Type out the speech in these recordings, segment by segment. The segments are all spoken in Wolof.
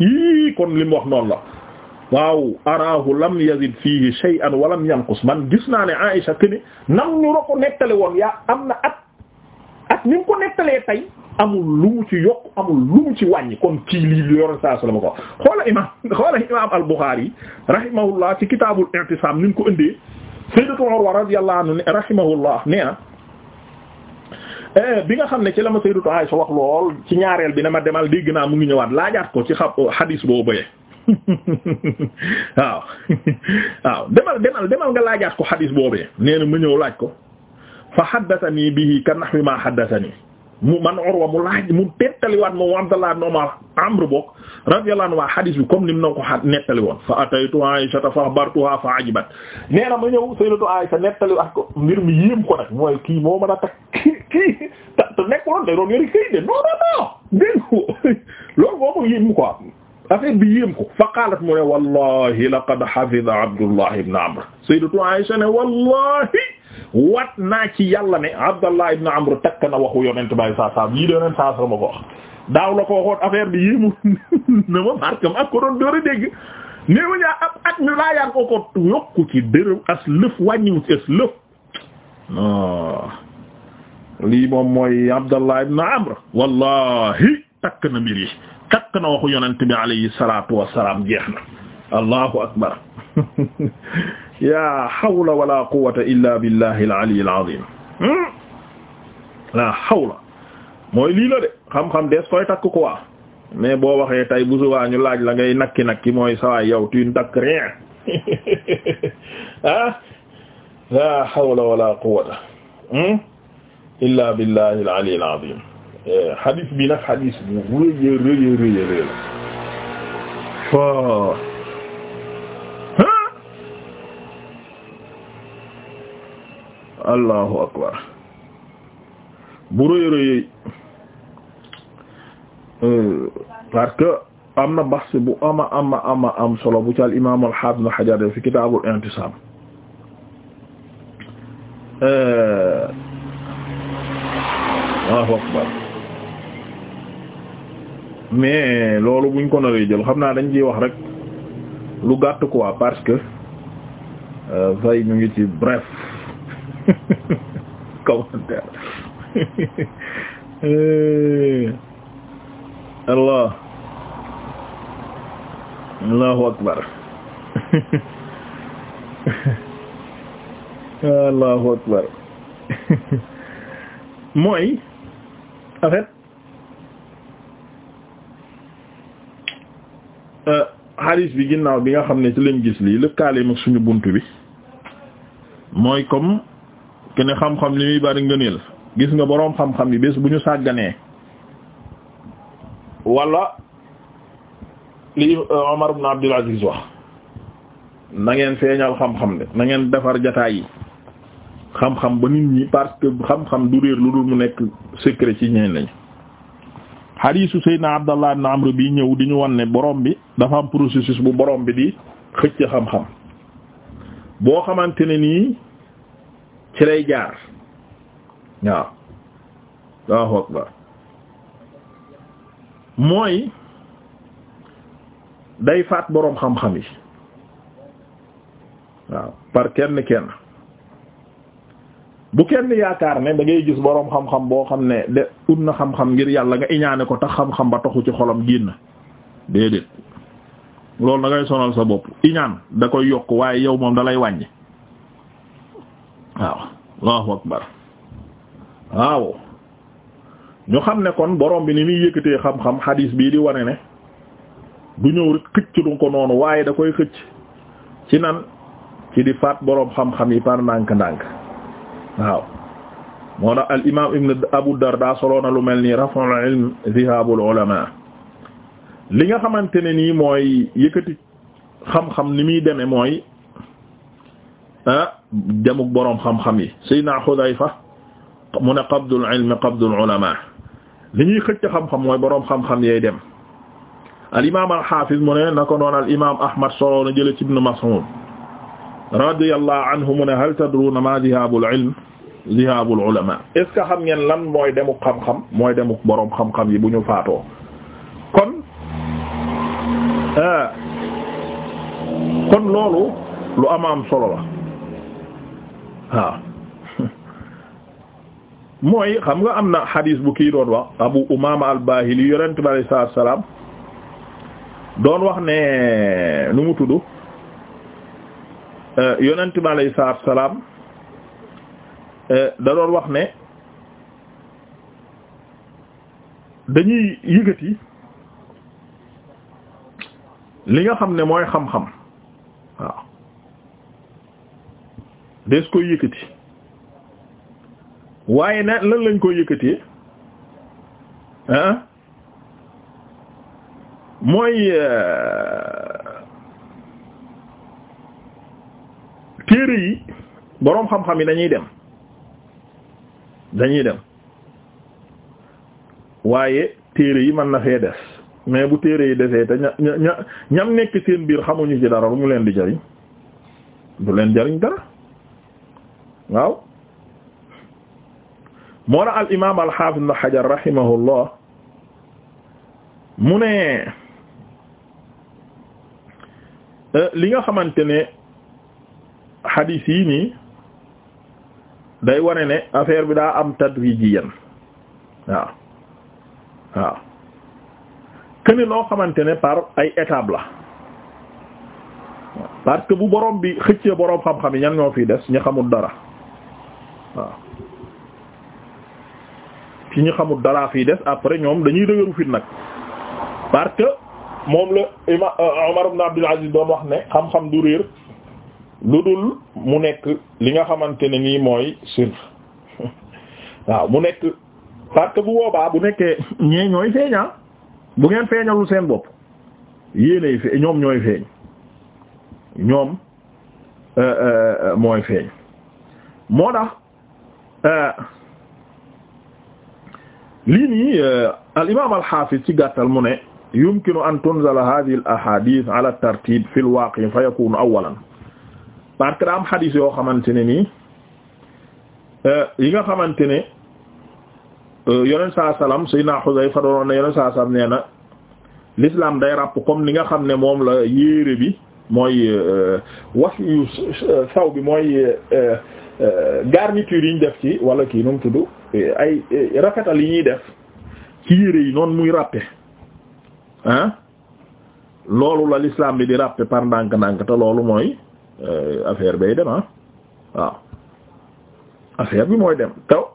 ii kon li mu wax noonu la waaw araahu lam yazid fiihi shay'an wa lam yanqus man gis naa ne Aisha kene nam ñu ko nettale woon yaa am na at at ni mu ko nettalee tey amul lu mu ci yokk amul lu mu kon kii lii yor saa salama ko xoola imam xoola imam al-Bukhari rahimahullah ci kitaabul i'tisaam ni mu ko indee sayyidatu Urwa radiyallahu anha rahimahullah Eh, bi nga xam ne ci la ma Sayyidatu Aisha wax lool ci ñaareel bi ne ma demal dégg naa mu ngi ñëwaat laajaat ko ci xa hadis boo bëyee waaw waaw demal demal demal nga laajaat ko hadis boobee nee na mu ñëw laaj ko fa haddathanii bihi ka nahwi ma haddathanii mu man Urwa mu laaj mu tettaliwaat moom Abdallah ibn Umar Amr bokk radiyallahu anhu waa hadis bi comme ni mu na ko nettali woon fa ataytu Aisha fa akhbartuha fa ajibat nee na ma ñëw Sayyidatu ko nekkuloon day doon yori këyit de non non non dégg loolu boo ko yéem quoi affaire bi yéem ko fa qaalat mu ne wallahi laqad hafida Abdullah ibn Amr sayyidatu Aisha ne wallahi wat naa ci yàlla ne Abdullah ibn Amr takk na waxu yonent bay saa saa yii de yonent saa saa ma ko wax daaw la ko waxoon affaire bi yéemu na ma barke ma ko doon door a dégg néew ñaa ab at mi laa yàgg ko ko yokku ci dërëm as lëf wàññiwu ci as lëf non lii moom mooy Abdallah ibn Amr wallahi takk na mbir yi takk na waxu yonent bi akbar yaa hawla wala quwwata illa billahi al-ali al hmm? la hawla mooy lii la de xam-xam des koy takk quoi mais boo waxee tay bu subaa ñu laaj la ngay nakki nakki mooy sawaay yow tu takk rien ah la hawla wala quwwata hmm? illa billahi al-ali al-azim eh, hadis bi nag hadis bu rëy a rëy a rëy a rëy la waaw allahu akbar bu rëy a rëy eh, parce que am na baxs bu ama ama ama am solo bu ci al imaam al-hafiz Ibn Hajar fi kitaabul intisaam eh, Allahu akbar mais loolu buñ ko naree jël xam naa dañ ciy wax rek lu gàtt quoi parce que vay euh, ñu ngi ci bref commentaire euh, allah allahu akbar allahu akbar mooy en fait euh, bi ginnaaw bi nga xam ne ci lañ gis lii lëkkaale mag suñu bunt bi mooy comme que ne xam-xam li muy bari ngëneel gis nga boroom xam-xam yi bés bu ñu sàgganee wala li euh, Omar ibn Abdul Aziz wax na ngeen feeñal xam-xam de na ngeen defar jataay yi xam-xam ba nit ñi parce que xam-xam du réer lu dul mu nekk secret ci ñeen lañ xadiisu Seydina Abdallah ibn Amr bi ñëw di ñu wan ne borom bi dafa am processus bu borom bi di xëcc xam-xam boo xamante ne nii ci lay jaar waaw mooy day faat boroom xam-xam yi waaw par kenn kenn bu kenn yaakaar ne da ngay gis boroom xam-xam boo xam ne de ut na xam-xam ngir yàlla nga iñaane ko tax xam-xam ba taxu ci xolam génn déedéet loolu da ngay sonal sa bopp iñaan da koy yokk waaye yow moom da lay wàññi waaw allahu akbar waaw ñu xam ne kon borom bi ni muy yëkkatee xam-xam xadiis bii di wane ne du ñëw rek xëcc du ko noonu waaye da koy xëcc ci nan ci di faat boroom xam-xam yi par ndànk-ndànk waaw moo tax al ibn Abu Darda soloo na lu mel nii raf'ul ilm dhihabul ulama li nga xamante ne nii mooy yëkkati xam-xam ni muy deme mooy ah jamuk boroom xam-xam yi Sayyidina Hudayfa mu ne qabdul ilm qabdul ulama li ñuy xëcc xam-xam mooy boroom xam-xam yay dem al imaam al na ko noon al Ahmad soloo na jële ci ibn Mas'ud radiyallahu anhu mu ne hal tadruna ma zihabul ilm zihabul ulama est ce que xam ngeen lan mooy demuk xam-xam mooy demuk boroom xam-xam yi bu ñu faatoo kon euh, kon loolu lu ama am solo la waaw mooy xam nga am na xadiis bu kii doon wax abu umaama al-bahili yonent bi alayhi salaam doon wax ne nu mu tudd Euh, yonent bi alayhi salaatu wa salaam euh, da wax ne dañuy yëgati li nga xam ne mooy xam-xam waaw des koy yëkkati waaye na lan lañ koy yëkkatee mooy. Euh, téere yi boroom xam-xam yi dañuy dem dañuy dem waaye téere yi mën na fee des mais bu téere yi desee te ña ña ñam nekk seen biir xamuñu ci dara lu mu leen di jariñ du leen jariñ dara waaw moo na al imaam al xaafis na xajar rahimahullah mu ne euh, li nga xamante ne xadiis yi nii day wone ne affaire bi daa am tadwijiyan waaw waaw këni loo xamante ne par ay étape la parce que bu borom bi xëccee boroom xam-xam yi ñan ñoo fi des ñi xamul dara waaw ci ñi xamul dara fii des après ñoom dañuy dëgëru fit nag parce que moom la ima Umar euh, ibn Abdul Aziz doon wax ne xam-xam du réer lu dul mu nekk li nga xamante ne nii mooy sirr waaw mu nekk parce bu boobaa bu nekkee ñee ñooy feeñaa ah, bu ngeen feeñalul seen bopp yéenay fe ñoom ñooy feeñ ñoom euh, euh, mooy feeñ moo tax euh, lii nii al imaam al xaafis ci gàttal mu ne yumkinu an tunzala hadhihi al ahadith ala tartib fi al fa yakunu awwalan parce que daa am xadiis yoo xamante ne nii euh, yi nga xamante ne euh, yoneen saa salaam Seydina Xuzayfa doon na yoneen saa salaam nee na l'islam day ràpp comme ni nga xam ne moom la yére bi mooy euh, wax yu saw bi mooy garniture yi ñu def ci wala kii nu mu ay rafetal yi ñuy def ci yére yi noonu muy ràppe ah loolu la lislaam bi di ràppe par ndànk-ndànk te loolu mooy Euh, affaire bay dem ah waaw affaire bi mooy dem taw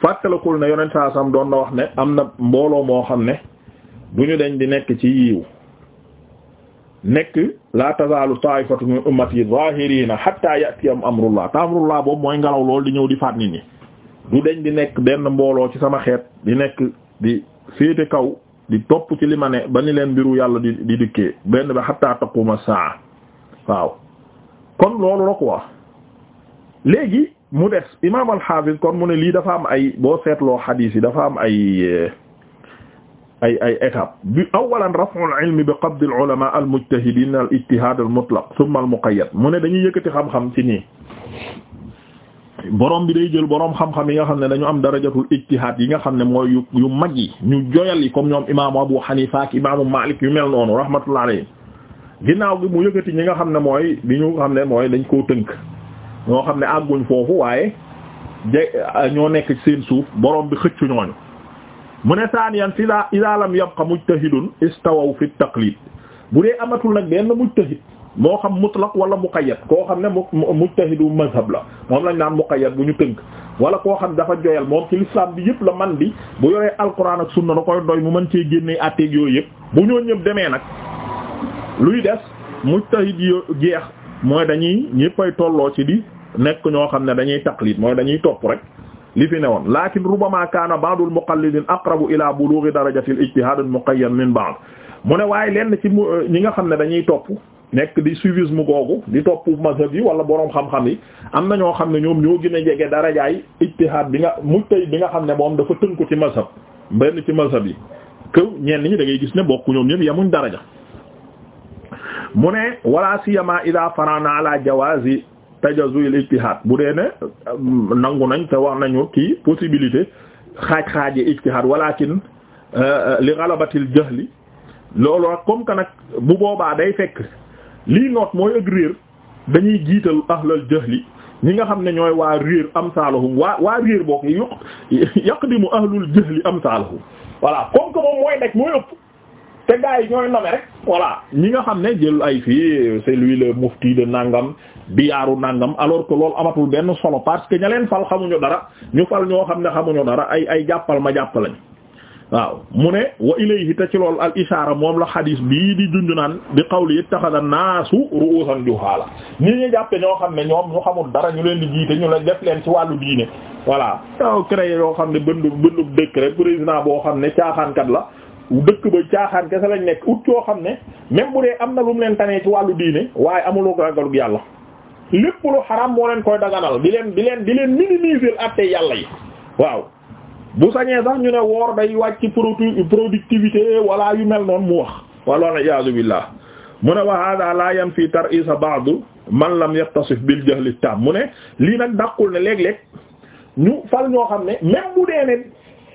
fàttalikul ne yonent saa doon na wax ne am na mbooloo moo xam ne du ñu deñ di nekk ci yiiw nekk la tazaalu taa'ifatu min ummati zaahiriina hatta ya'tiya amrullah ta amrullah boobu mooy ngelaw lool di ñëw di faat nit ñi du dañ di nekk benn mbooloo ci sama xeet di nekk di féete kaw di topp ci li ma ne ba ni leen mbiru yàlla di di dikkee benn ba hatta taquma saa waaw kon loolu la quoi mu des imaam al-Hafiz kon mu ne lii dafa am ay boo seetloo xadiis yi dafa am ay eh, ay ay étape bi awalan raf'u al-ilmi bi qabdi al-ulama al-mujtahidin al-ijtihad al-mutlaq thumma al-muqayyad mu ne dañu yëkkati xam-xam ci nii borom bi day jël borom xam-xam yi nga xam ne dañu am darajatul ijtihad yi nga xam ne mooy yu yu mag yi ñu joyal yi comme ñoom imaamu Abu Hanifa ak imaamu Malik yu mel noonu rahmatullah alayhi ginnaaw gi mu yëkkati ñi nga xam ne mooy bi ñu xam ne mooy dañ koo tënk ñoo xam ne àgguñ foofu waaye je euh, ñoo nekk seen suuf borom bi xëccu ñooñu mu ne saaniyan ida ida lam yabqa mujtahidun istawaw fi taqlid bu dee amatul nag benn mujtahid moo xam mutlaq wala muqayyad koo xam ne mujtahidu mazhab la moom lañ naan muqayyad bu ñu tënk wala koo xam dafa joyal moom ci l'islam bi yëpp la man bi bu yoree alquran ak sunna da koy doy mu mën cee génnee atteeg yooyu yëpp bu ñoo ñëpp demee nag luy des mujtahid yo jeex mooy dañuy ñëppay tolloo ci di nekk ñoo xam ne dañuy taqlid mooy dañuy topp rek li fi ne woon lakin rubama kaana ba'dul muqallidin aqrabu ila bulughi darajati al ijtihad al muqayyad min ba'd mu ne waaye lenn ci euh, ñi nga xam ne dañuy topp nekk di suivisme googu di topp mazhab yi wala boroom xam-xam yi am na ñoo xam ne ñoom ñoo gën a jege darajaay ijtihad bi nga mujtahid bi nga xam ne moom dafa tënku ci mazhab benn ci mazhab yi que ñenn ñi da ngay gis ne bokk ñoom ñëpp yemuñ daraja mu ne wala siyama ida farana ala jawazi tajazul ijtihad bu dee ne euh, nangu nañ te wax nañu ki possibilité xaaj-xaaje walaa walakin euh, li galabatil jahli loolu ak comme que nag bu boobaa day fekk lii noot mooy ak réer dañuy jiital ahlal jahli ñi nga xam ne ñooy waa réer amsaalahum waa waa réer bokk yaq yaqdimu ahlul jahli amsaalahum voilà comme que moom mooy daj mooy ëpp te gars yi ñooy nome rek voilà ñi nga xam ne jël ay fii c'est lui le mufti de nangam biyaaru nangam alors que loolu amatul benn solo parce que ña leen fal xamuñu dara ñu fal ñoo xam ne xamuñu dara ay ay jàppal ma jàpp lañ waaw mu ne wa ilayhi te ci lool al ishaara moom la xadiis bii di junju naan di bi qawli ittaxada naasu ru'usan juhaala ni ñu jàppe ñoo xam ne ñoom ñu xamul dara ñu leen di jiite ñu leen def leen ci wàllu diine voilà taw créé yoo xam ne bënd bëndub décret président boo xam ne caaxaankat la dëkk ba caaxaan kese lañ nekk ut yoo xam ne même bu dee am na lu mu leen tanee ci wàllu diine waaye amuloo ragalug yàlla lépp lu xaram moo leen koy daganal di leen bi leen di leen minimiser yàlla yi waaw bu sañee sax ñu ne woor day wàcc produit productivité wala yu mel noon mu wax wala iyaazu billah mu ne wa hada la yan fii tar isa ba'du man lam yattasif bil jahli tam mu ne lii nag dàqul ne léeg-léeg ñu fal ñoo xam ne même bu dee ne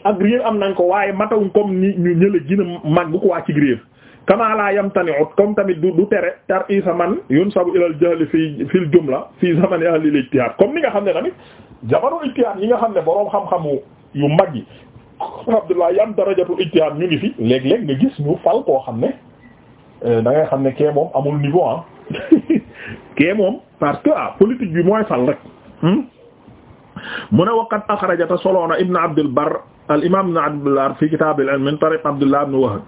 ak réer am nañ ko waaye matawuñ comme ni ñu ñële gën a màgg ko waa ci réer kamaa laa yamtani ut comme tamit du du tere tar isa man yunsabu ilal jahli fii fil jumla fii zamani ahlil ijtihad comme ni nga xam ne tamit jamono ijtihad yi nga xam ne boroom xam-xamu yu mag yi alhamdulillah yam darajatul ijtihad ñu ngi fi léeg-léeg nga gis ñu fal koo xam ne eh, da ngay xam ne kee moom amul niveau ah. kee moom parce que ah politique bi mooy fal rek hmm? mu ne waqat axrajata soloona ibn abdul bar al imaam ibn Abdullah fi kitaab al ilm min tariq Abdullah ibn Wahb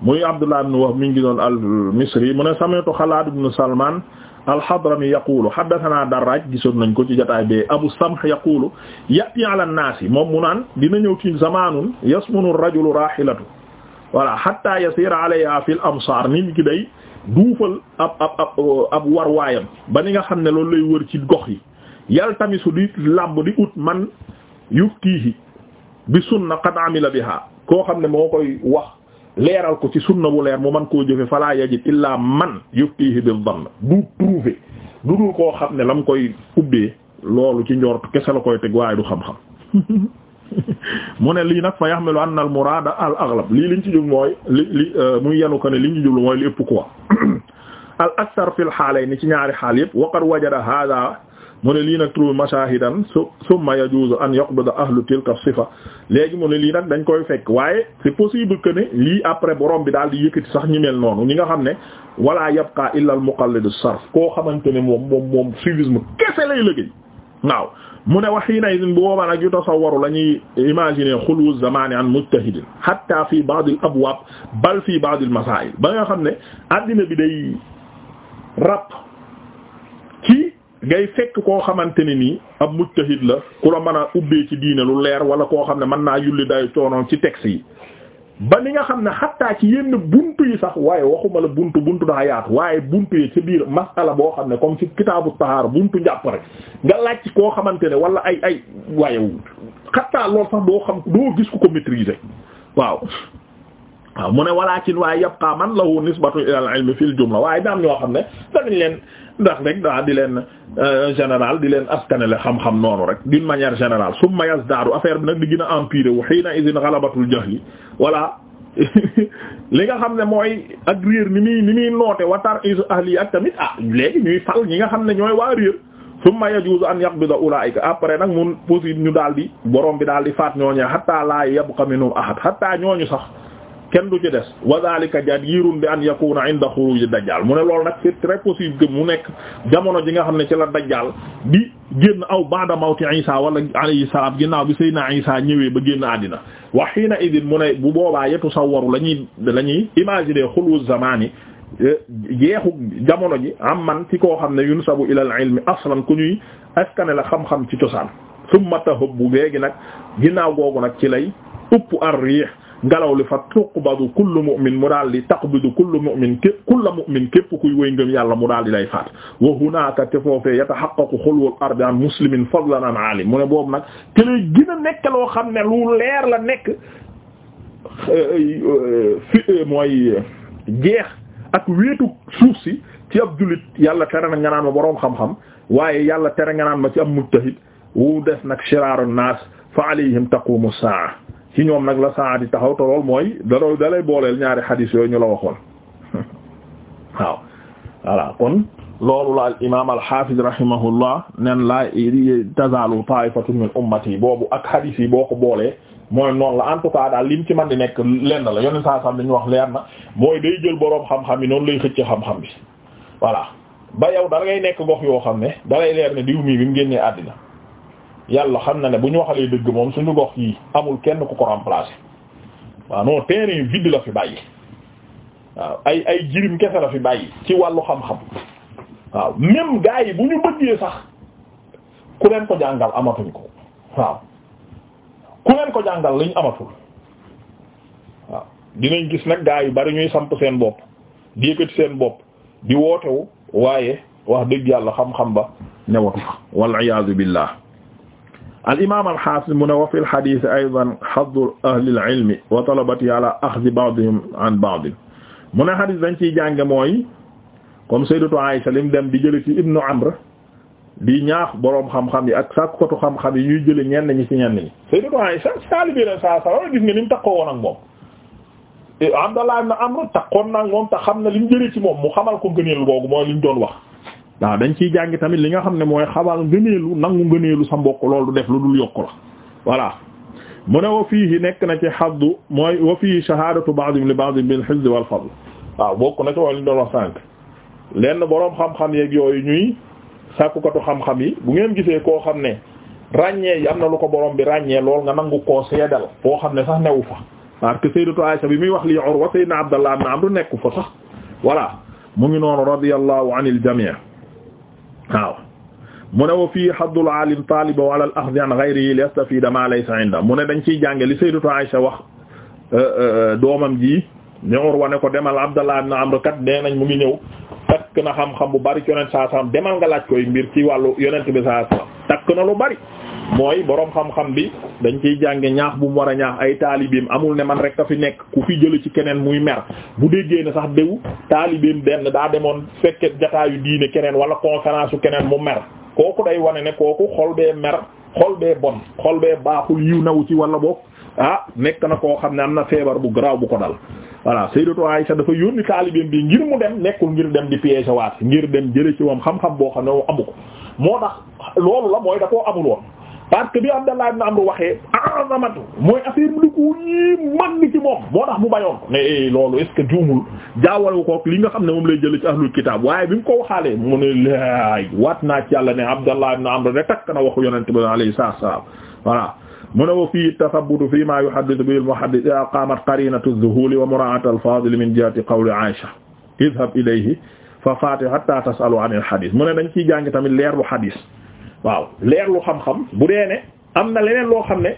muy Abdullah ibn Wahb mi ngi doon al Misri mu ne sami'tu Xalaad ibn Salmaan al-Hadrami yaqulu haddathanaa Darraaj gisoon nañ ko ci jotaay bi Abu Samh yaqulu ya'tii ala an-naasi moom mu naan dina ñëw ci zamaanun yasmunu ar-rajulu raahilatahu voilà hattaa yasiira alayhaa fil amsaar nit ki day duufal ab ab ab ab war waayam ba ni nga xam ne loolu lay wër ci gox yi yaltamisu di làmb di ut man yuftiihi bi sunna qad amila biha koo xam ne moo koy wax leeral ko ci sunna bu leer mu mën koo jëfe fala yajid illa man yuftihi bil dhann du trouver du dul koo xam ne la koy ubbee loolu ci njort kese la koy teg waaye du xam-xam mu ne lii nag fa yahmilu anna al muraada al aghlab lii liñ ci jublu mooy li li euh, yanu ko ne liñ ci jublu mooy li ëpp quoi al akthar ni ci ñaari xaal yëpp wa qad wajada mu ne lii nag trouve mashahidan su summa yajuzu an yaqbida ahlu tilka sifa léegi mu ne lii nag dañ koy fekk waaye c'est possible que après borom bi daal di yëkkati sax ñu mel noonu ñi nga xam ne wala yabqa illa al muqallid as-sarf koo xamante ne moom moom moom suivisme kese lay liggéey waaw mu ne waxina idin bu boobaa nag yu tasawwaru la ñuy imaginer xulwu zamani an mujtahidin hatta fi ba'd al abwaab bal fi ba'd al masaa'il ba nga xam ne addina bi day rap ngay fekk koo xamante ne nii ab mujtahid la ku la mën a ubbee ci diine lu leer wala koo xam ne mën naa yulli dayu coonoon ci texte yi ba li nga xam ne xattaa ci yenn bunt yi sax waaye waxuma la bunt bunt daa yaatu waaye bunt yi ci biir masala boo xam ne comme ci kitaabu tahaar buntu njàpp rek nga laaj koo xamante ne wala ay ay waaye xattaa loolu sax doo xam doo gis ku ko maîtriser waaw waaw mu ne walaakin waaye yabqa man lahu nisbatu ila al-ilmi fil jumla waaye daam ñoo xam ne danañ leen ndax rek daa di leen euh, général di leen askanale xam-xam noonu rek d'une manière générale summa yazdaadu affaire bi nag di gën a empirer wu hiina idin ghalabatul jahli voilà li nga xam ne mooy ak réer ni muy ni muy noote wa tar isu ahli ak tamit ah léegi ñuy fal ñi nga xam ne ñooy waa réer summa yajuzu an yaqbida ulaika après nag mun possible ñu daal di borom bi daal di faat ñooñu hatta la yabqa minhum ahad hatta ñooñu sax kenn du ci des wa zalika jadirun bi an yakuna inda xuruj dajjal mu ne loolu nag c'est possible mu nekk jamono ji nga xam ne ci la dajjal bi génn aw ba'da mawti isa wala alayhi salaam ginnaaw bi sayyidina isa ñëwee ba génn àddina wa hiina idin mu ne bu boobaa yetu sawaru la ñuy la ñuy imaginer xulu zamani eh, jeexu jamono ji am man ci koo xam ne yunsabu ilal ilmi aslan ku ñuy askane la xam-xam ci cosaan summa tahub bu léegi nag ginnaaw googu nag ci lay upp ar riix ngelaw li fa tuqbadu kullu mu'min mu daal di taqbidu kullu mu'min képp kullu mu'min képp kuy wéy ngëm yàlla mu daal di lay faat wa hunaaka te foofee yatahaqqaqu xulwul ardi an muslimin fadlan an alim mu ne boobu nag te lay gën a nekk loo xam ne lu leer la nekk fi mooy jeex ak wéetu suuf si ci ab jullit yàlla tere na nga naan ma boroom xam-xam waaye yàlla tere nga naan ma ci ab mujtahid wu des nag shiraaru naas fa alayhim taqumu saa ci ñoom nag la saa di taxaw te mooy daroo dalay booleel ñaari xadiis yooyu ñu la waxoon waaw voilà kon loolu la al imaam al xaafiz rahimahullah nen laa tazaalu ta'ifatun min ummati boobu ak xadiis yi boo ko boolee mooy noonu la en tout cas daal lim ci man di nekk lenn la yenn saa sax li ñu wax leer na mooy day jël boroom xam-xam yi noonu lay xëcc xam-xam bi voilà ba yow da nekk gox yoo xam ne dalay leer ne diw mii bi mu génnee àddina. yàlla xam na ne bu ñu waxalee dëgg moom suñu gox yi amul kenn ku ko remplacer waaw non terrain vide la fi bàyyi waaw ay ay jirim kese la fi bàyyi ci wàllu xam-xam waaw même gars yi bu ñu bëggee sax ku leen ko jàngal amatuñ ko waaw ku leen ko jàngal lañ amatul waaw dinañ gis nag gaa yu bari ñuy samp seen bopp di yëkkati seen bopp di wootewu waaye wax dëgg yàlla xam-xam ba ñëwatu fa wal iyaazu al imaam al xaafis mu ne wa fil xadiis aydan xaddu ahlil ilmi wa talabati ala axdi ba'dihim an ba'd mu ne xadiis dañ ciy jànge mooy comme sayyidatu Aysa lim dem di jële ci ibnu Amr di ñaax boroom xam-xam yi ak sàkkatu xam-xam yi ñuy jële ñenn ñi ci ñenn ñi sayyidatu Aysa saalibi la saa saa gis nga ni mu takkoo woon ak moom eh, Abdallah ibn Amr takkoon na ak moom te xam na li mu jëlee ci moom mu xamal ko gëneel googu mooy li ñu doon wax waaw dañ ciy jàngi tamit li nga xam ne mooy xabaar ngëneelu nangu ngëneelu sa mbokk loolu du def lu dul yokk la voilà mu ne wa fiihi nekk na ci xaddu mooy wa fiihi shahadatu ba'dihim li ba'din bil hizz wal fadl waaw bokk na ci wàllu doon wax sànq lenn boroom xam-xam yeeg yooyu ñuy sàkkukatu xam-xam yi bu ngeen gisee koo xam ne ràññee yi am na lu ko borom bi ràññee lool nga nangu koo seedal koo xam ne sax newu fa parce que sayyidatu bi muy wax lii Urwa sayyidna Abdallah ibn nekku fa sax voilà mu ngi noonu radiyallahu anil waaw mu ne wa fii haddul alim taliba wa ala al akhdhi an ghayrihi li yastafida ma laysa inda mu ne dañ ciy jànge li sayyidatu Aisha wax euh, euh, doomam ji ne Urwa ne ko demal Abdallah ibn Amr kat nee nañ mu ngi ñëw takk na xam-xam bu bari ci yonent saa sallam demal nga laaj koy mbir ci wàllu yonent bi saa sallam takk na lu bari mooy boroom xam-xam bi dañ ciy jànge ñaax bu mu war a ñaax ay taalibeem amul ne man rek a fi nekk ku fi jële ci keneen muy mer bu déggee ne sax déw taalibeem benn daa demoon fekke jataayu diine keneen wala conférence su keneen mu mer kooku day wane ne kooku xol bee mer xol bee bon xol bee baaxul yiw nawu ci wala boog ah nekk na koo xam ne am na feebar bu garaaw bu ko dal voilà Sayyidatu sax dafa yónni taalibeem bi ngir mu dem nekkul ngir dem di piéger waat ngir dem jële ci moom xam boo xam ne amu ko moo tax loolu la mooy da koo amul parce que bi Abdallah ibn Amr waxee azamatu mooy affaire bi ko yi mag ci moom moo tax mu bayoon ko ne eh, loolu est-ce que juumul jaawale ko li nga xam ne moom lay jëlee ci ahlul kitaab waaye bi mu ko waxaalee mu ne laay waat naa ci yàlla ne Abdallah ibn Amr rek takk na waxu yonent bi alayhi salaam voilà mu ne wa fii tathabbutu fii maa yuhaddithu bihi al-muhaddith idha qamat qarinatu adh-dhuhuli wa mura'atu al-fadil min jihati qawli Aisha idhhab ilayhi fa faatihu hatta tas'alu 'an al-hadith mu ne dañ ciy jàng tamit leer bu hadith waaw leerlu xam-xam bu dee ne am na leneen loo xam ne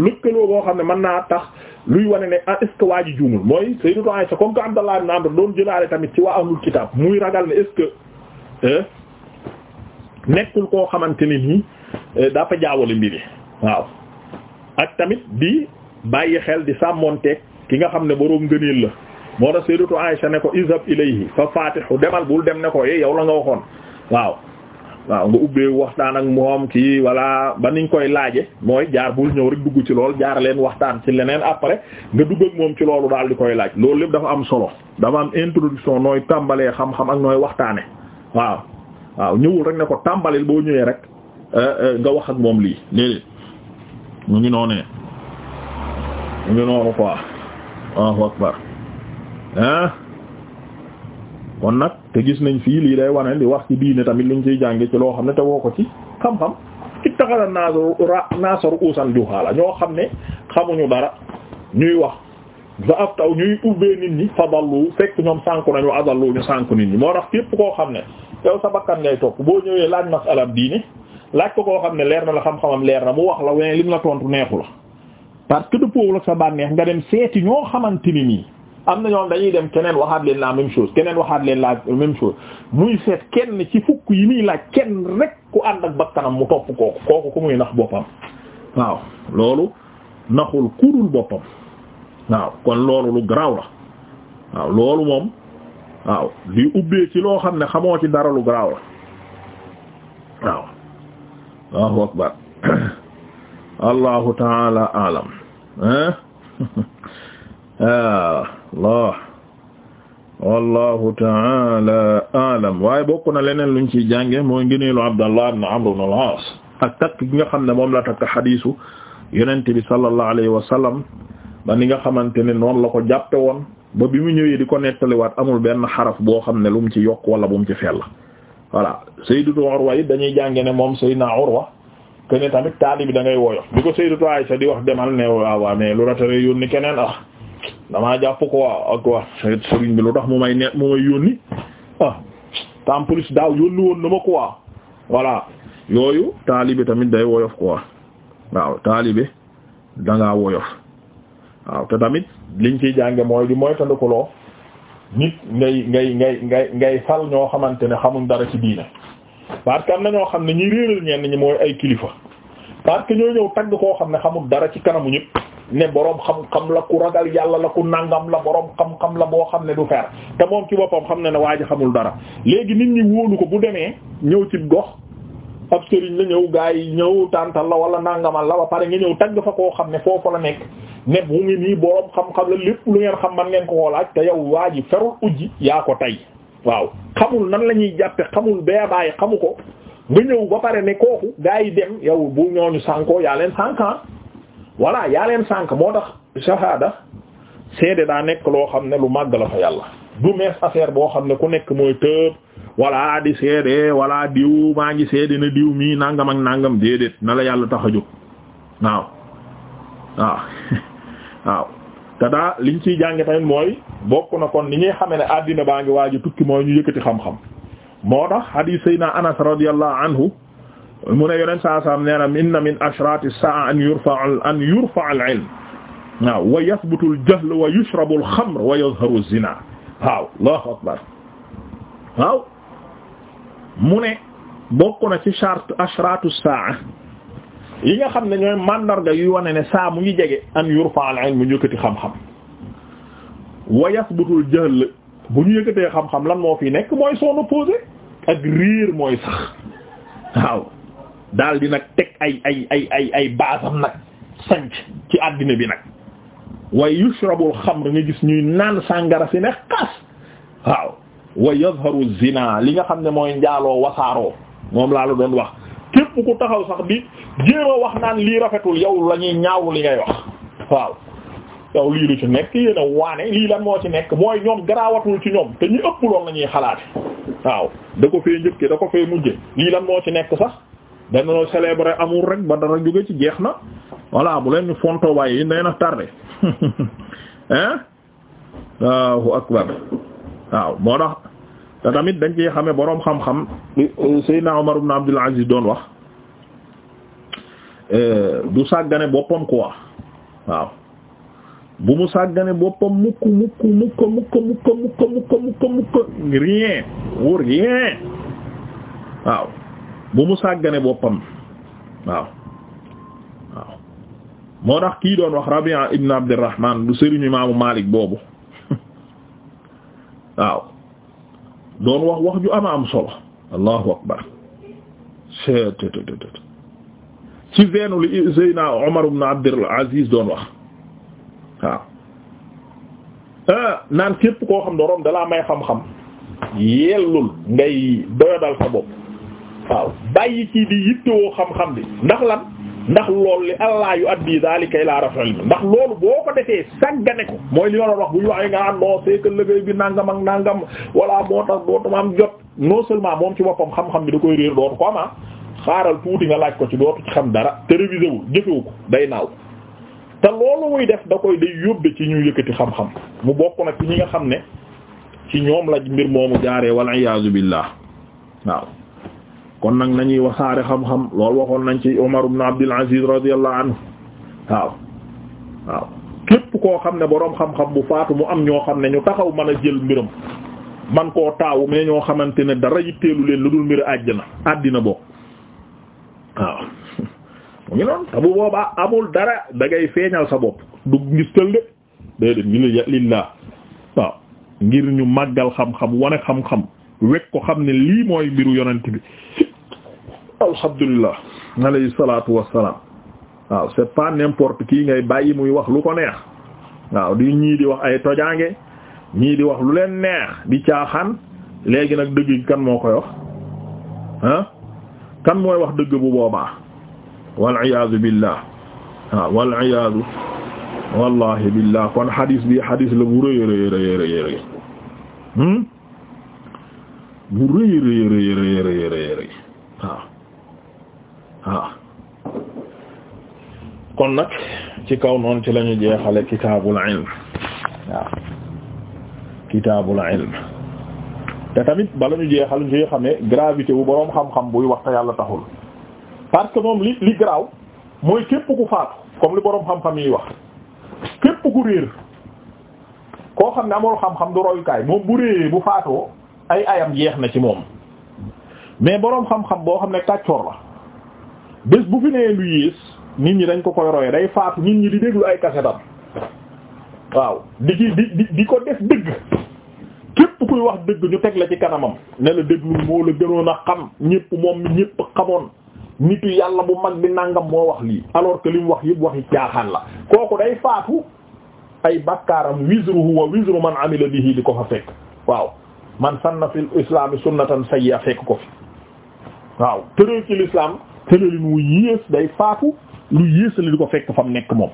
lëkkaloo boo xam ne mën naa tax luy wane ne ah est-ce que waa ji juumul mooy Sayyidatu Aisha comme am Abdallah ibn Amr doon jëlaale tamit ci waa ahlul kitaab muy ragal ne est-ce nekkul koo xamante ne nii eh, dafa jaawale mbiri waaw ak tamit di bàyyi xel di sàmmonteeg ki nga xam ne boroom ngëneel la moo tax Sayyidatu Aisha ne ko izab ilayhi fa fatihu demal bul dem ne ko eh yow la nga waxoon waaw waaw nga ubbee waxtaan ak moom ci walla ba niñ koy laaje mooy jaar bul ñëw rek dugg ci lool jaar leen waxtaan ci leneen après nga dugg ak moom ci loolu daal di koy laaj loolu lépp dafa am solo dafa am introduction nooy tàmbalee xam-xam ak nooy waxtaane waaw waaw ñëwul rek ne ko tàmbalil boo ñëwee rek euh, euh, nga wax ak moom lii déedéet mu ngi noonu quoi waaw akbar ah kon nag te gis nañ fii lii day wane di wax ci diine tamit luñ ciy jànge ci loo xam ne te woo ko ci xam-xam ittaxala naasaru ra naasaru uusan juhaala ñoo xam ne xamuñu dara ñuy wax ba ab taw ñuy ubbee nit ñi fa fekk ñoom sànku nañu adallu ñu sànku nit ñi moo tax képp koo xam ne yow sa bakkan ngay topp boo ñëwee laaj masalam diine laaj ko koo xam ne leer na la xam-xamam leer na mu wax la waaye lim la tontu neexu la parce que dëppoo la sa bànneex nga seeti ñoo xamante ni nii am na ñoom dañuy dem keneen waxaat leen la même chose keneen waxaat leen la même muy seet kenn ci fukk yi muy laaj kenn rek ku ànd ak bakkanam mu topp kooku kooku ku muy nax boppam waaw loolu naxul kudul boppam waaw kon loolu lu garaaw la waaw loolu moom waaw di ubbee ci loo xam ne xamoo ci dara lu garaaw la waaw Allahu akbar Allahu ta'ala a'lam Ah, Allah wallahu ta'ala a'lam waaye bokk na leneen luñ ciy jànge mooy ngëneelu Abdallah ibn Amr ibn al-As ak takk nga xam ne moom la takk xadiisu yonent bi sallallahu alayhi wa sallam ba ni nga xamante ne noonu la ko jàppe woon ba bi mu ñëwee di ko nettaliwaat amul benn xaraf boo xam ne lu mu ci yokk wala bu mu ci fel voilà Sayyidatu Urwa it dañuy jànge ne moom Sayyidina Urwa kenn tamit taali bi da ngay wooyof bi ko Sayyidatu di wax demal ne waaw waaw mais lu ratare damaa jàpp ko waaw ak waa sëriñ bi lu tax mu may ne mu may yónni ah, temps plus daaw yónni woon na ma ko waa voilà yooyu taalibe tamit day woyof ko waa waaw taalibe dangaa woyof waaw te tamit liñ ciy jànge mooy di mooy tandikuloo nit ngay ngay ngay ngay ngay fal ñoo xamante ne xamuñ dara ci diine parce am na ñoo xam ne ñi réeral ñenn ñi mooy ay kilifa parce ñoo ñëw tagg koo xam ne xamul dara ci kanamu ñépp ne boroom xam-xam la ku ragal yàlla la ku nangam la boroom xam-xam la boo xam ne du fer te moom ci boppam xam ne ne waa ji xamul dara léegi nit ñi wóolu ko bu demee ñëw ci gox ab sëriñ la ñëw gaa yi ñëw tàntal la wala nangamal la ba pare nga ñëw tagg fa koo xam ne foofu la nekk ne bu ngi nii boroom xam-xam la lépp lu ngeen xam man ngeen ko xoolaaj te yow waa ji ferul uj yaa ko tey waaw xamul nan la ñuy jàppe xamul bee bàyyi xamu ko nga ñëw ba pare ne kooku gaa yi dem yow bu ñooñu sànkoo yaa leen sànkan ah. voilà yaa leen sànk moo tax shahada seede daa nekk loo xam ne lu màgg la fa yàlla du mees affaire boo xam ne ku nekk mooy tëb walla di seede walla diw maa ngi seede na diw mii nangam ak nangam déedéet na la yàlla tax a jóg waaw waaw waaw te daa liñ ciy jànge tamit mooy bokk na kon ni ñuy xame ne àddina baa ngi waaju tukki mooy ñu yëkkati xam-xam moo tax hadith sayna Anas radiyallahu anhu mu ne yonent saa saam nee na inna min ashrati saa an yurfa an yurfa al ilm waaw wa yathbutu al jahl wa al xamr wa al zina waaw mu ne bokk na ci charte ashratu saa yi nga xam ne ñooy mandarga wane ne saa mu ngi jege an yurfa al ilm mu yëkkati xam-xam wa yathbutu al jahl bu ñu yëkkatee xam lan moo fi nekk mooy son opposé ak riir mooy sax daal di nag teg ay ay ay ay ay baasam nag sanc ci àddina bi nag waaye yushrabul xamr nga gis ñuy naan sàngara si ne xas waaw wa yazharu zina li nga xam ne mooy njaaloo wasaaroo moom laa la doon wax képp ku taxaw sax bi jéeroo wax naan lii rafetul yow la ñuy ñaaw li ngay wax waaw yow lii lu ci nekk yéen a waane lii lan moo ci nekk mooy ñoom garaawatul ci ñoom te ñu ëpp lool la ñuy xalaate waaw da ko fee njëkkee da ko fee mujje lii lan moo ci nekk sax dañoo célébrer amul rek ba dara jóge ci jeex na voilà bu leen fonto waaye yéen day na tardé hein waaw moo tax te tamit dañ ci xame boroom xam-xam euh, Seydina Omar ibn Abdul Aziz doon wax euh, du sàggane boppam quoi waaw bu mu sàggane boppam mukk mukk mukk mukk mukk rien waaw bu mu sàggane boppam waaw waaw moo tax kii doon wax Rabi'a ibn Abdurrahman du sëriñ imaamu Maalik boobu waaw doon wax wax ju ama am solo allahu akbar cettt veenu li Seydina Omar ibn Abdul Aziz doon wax waaw ah, naan képp koo xam ne dalaa may xam-xam yellul ngay doyadal sa bopp waaw bàyyi kii di yittewoo xam-xam bi ndax lan ndax loolu li allah yu addi daalika ila rafal mi ndax loolu boo ko defee sàggane ko mooy li yoroon wax bu ñu waxee nga am non c'est que bi nangam ak nangam wala boo tax dootuma am jot non seulement moom ci boppam xam-xam bi da koy réer dootu ko ama ah xaaral tuuti nga laaj ko ci dootu ci xam dara te révisé wul ko day naaw te loolu muy def da koy day yóbbe ci ñu yëkkati xam-xam mu bokk nag ci ñi nga xam ne ci ñoom la mbir moomu jaaree wal iyaazu billah waaw kon nag nañuy waxaare xam-xam loolu waxoon nañ ci Umar ibn Abdul Aziz radiyallahu anhu waaw waaw képp koo xam ne boroom xam-xam bu faatu mu am ñoo xam ne ñu taxaw mën a jël mbiram man koo taawu mais ñoo xamante ne dara yitteelu leen lu dul mbir àjjana àddina bokk waaw mu ngi noonu te bu boobaa amul dara da ngay feeñal sa bopp du ngis tël de déedéet ngir lillah waaw ngir ñu màggal xam-xam wane xam-xam wekk ko xam ne lii mooy mbiru yonent bi alhamdulillah alayhi salaatu waaw c'est pas n'importe qui ngay bàyyi muy wax lu ko neex waaw di ñii di wax ay tojaange ñii di wax lu leen neex di caaxaan léegi nag dëgg kan moo koy wax kan mooy wax dëgg bu booba wal iyaadu billah waaw wal iyaadu wallahi billah kon xadis bi xadis la bu rëy rëy rëy rëy rëy bu rëy rëy rëy kon nag ci kaw noonu ci lañu jeexale kitaabul ilm waaw kitaabul ilm te tamit bala ñu jeexal ñu xam ne gravité bu boroom xam-xam buy wax te yàlla taxul parce que moom li li mooy képp ku faatu comme li boroom xam-xam yi wax képp ku réer koo xam ne amul xam-xam du royukaay moom bu réeree bu faatoo ay ayam jeex na ci moom mais boroom xam-xam boo xam ne kàccoor la bés bu fi nee lu yées nit ñi dañ ko koy roye day faatu nit ñi di déglu ay kasetam waaw di ci di di ko def dëgg képp kuy wax dëgg ñu teg la ci kanamam ne la déglu moo la gënoon a xam ñépp moom mi ñépp xamoon nitu yàlla bu mag bi nàngam moo wax lii alors que li mu wax yëpp waxi caaxaan la kooku day faatu ay bakkaaram wizruhu wa wizru man amila bihi di ko fa fekk waaw man sanna fil islaami sunnatan sayya fekk ko fi waaw tëree ci l'islam tëralin wu yées day faatu lu li di ko fekk fa mu nekk moom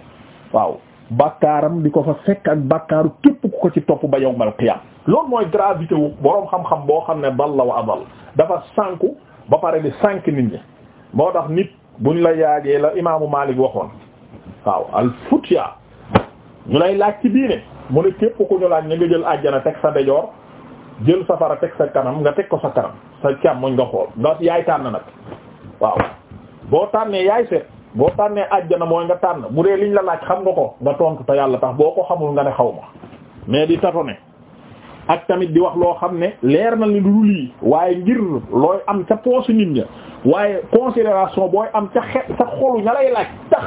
waaw bàkkaaram di ko fa fekk ak bàkkaaru képp ku ko ci topp ba yawmal qiyaam loolu mooy gravité wu boroom xam-xam boo xam ne dalla wa adal dafa sànku ba pare di sànk nit ñi moo tax nit buñ la yaajee la imaamu Maalik waxoon waaw al futya ñu lay laaj ci diine mu ne képp ku ñu laaj na nga jël àjjana teg sa dejoor jël safara teg sa kanam nga teg ko sa kanam sa càmmoñ nga xool nga yaay tànn nag waaw boo tànnee boo tànnee àjjana mooy nga tànn bu dee liñ la laaj xam nga ko nga tontu te yàlla tax boo ko xamul nga ne xaw ma mais di tato ne ak tamit di wax loo xam ne leer na li lu lii waaye ngir looy am ca poosu nit waaye considération booy am ca xe sa xolu ña lay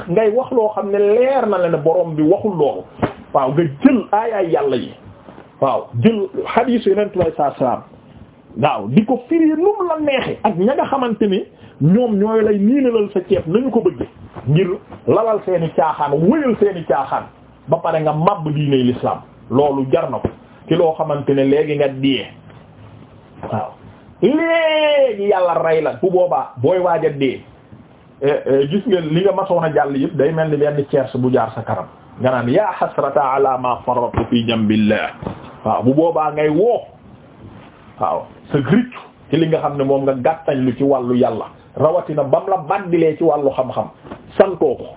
ngay wax loo xam ne leer na la ne borom bi waxul loolu waaw nga jël aayaay yàlla yi waaw jël xadiisu yeneen tubaab saa salaam waaw di ko firi nu mu la neexe ak ña nga xamante ni ñoom ñooy lay niinalal sa ceeb nañu ko bëgg ngir lalal seeni caaxaan wëyal seeni caaxaan ba pare nga màbb diiney l'islam loolu jar na ko ci loo xamante ne léegi nga diyee waaw léegi yàlla rey la bu boobaa booy waaj a dee eh, eh, gis nga li nga masoon a jàll yëpp day mel ni benn tierce bu jaar sa kanam nga naan yaa hasrata ala ma farratu fi jambillah waaw bu boobaa ngay woo waaw sa riccu ci li nga xam ne moom nga gàttañ lu ci wàllu yàlla rawatina bam la baddilee ci wàllu xam-xam santoo ko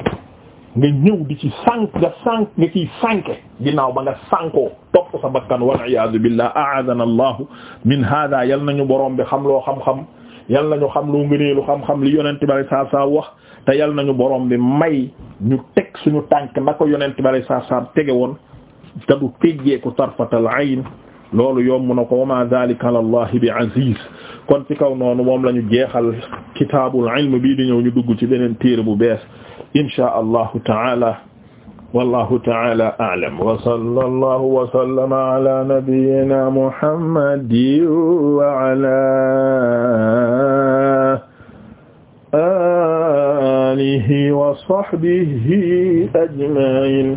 nga ñëw di ci sànq nga sànq nga ciy sànke ginnaaw ba nga sànkoo topp sa bakkan wal iyaadu billah aadana allahu min hada yal nañu borom bi xam loo xam-xam yal nañu xam loo ngëneelu xam-xam li yonent bi saa saa wax te yal nañu borom bi may ñu teg suñu tànk na ko yonent bi saa saa tege woon te du tejjeeku tarfatal ayn loolu yomb na ko wa ma zalika ala allah bi aziz kon ci kaw noonu moom la ñu jeexal kitaabul ilm bii di ñëw ñu dugg ci beneen téere bu bees inshaa allahu taala wallahu taala a'lam wa sallallahu wa sallama ala nabiyyina muhammadin wa ala alihi wa sahbihi ajma'in